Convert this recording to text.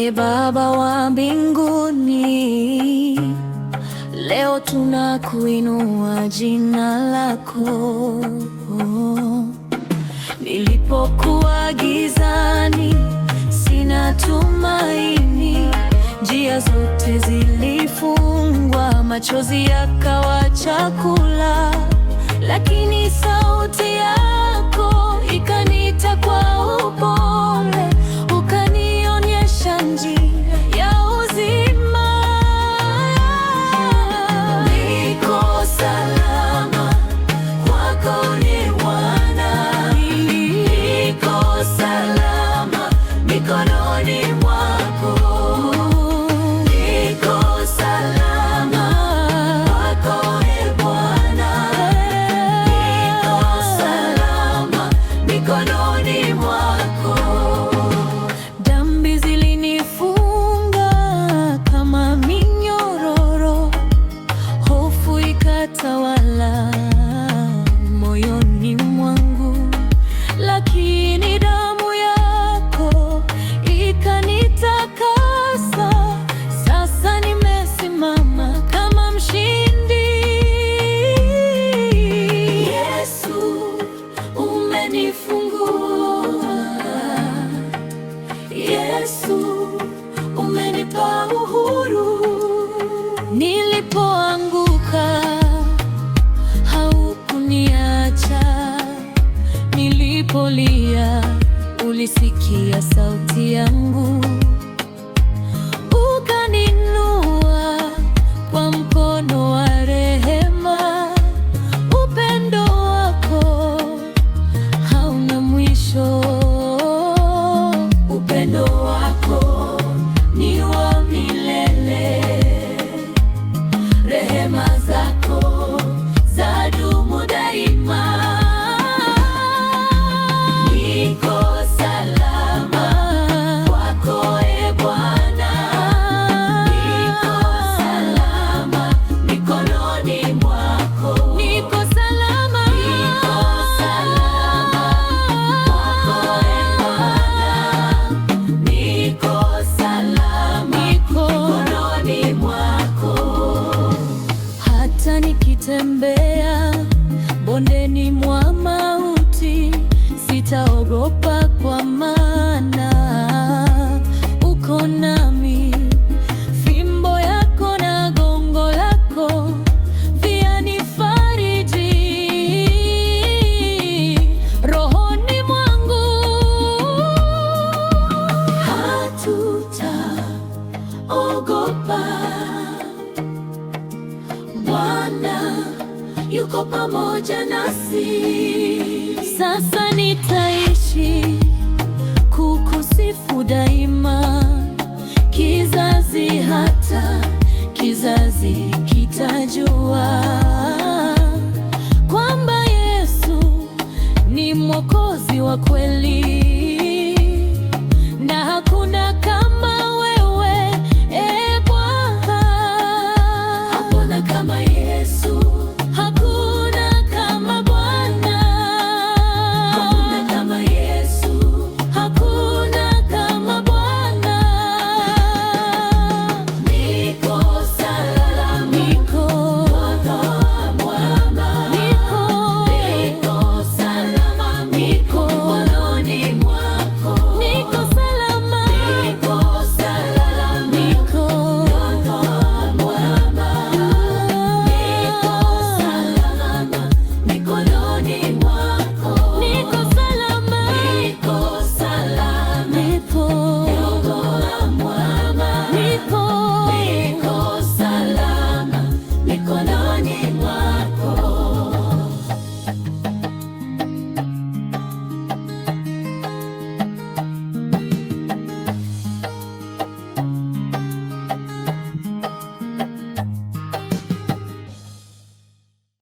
E Baba wa mbinguni, leo tunakuinua jina lako. Nilipokuwa gizani, sina tumaini, njia zote zilifungwa, machozi yakawa chakula, lakini sauti yako Yesu umenipa uhuru. Nilipoanguka haukuniacha, nilipolia ulisikia sauti yangu. kutembea bondeni mwa mauti, sitaogopa kwa ma yuko pamoja nasi. Sasa nitaishi kukusifu daima, kizazi hata kizazi kitajua kwamba Yesu ni Mwokozi wa kweli.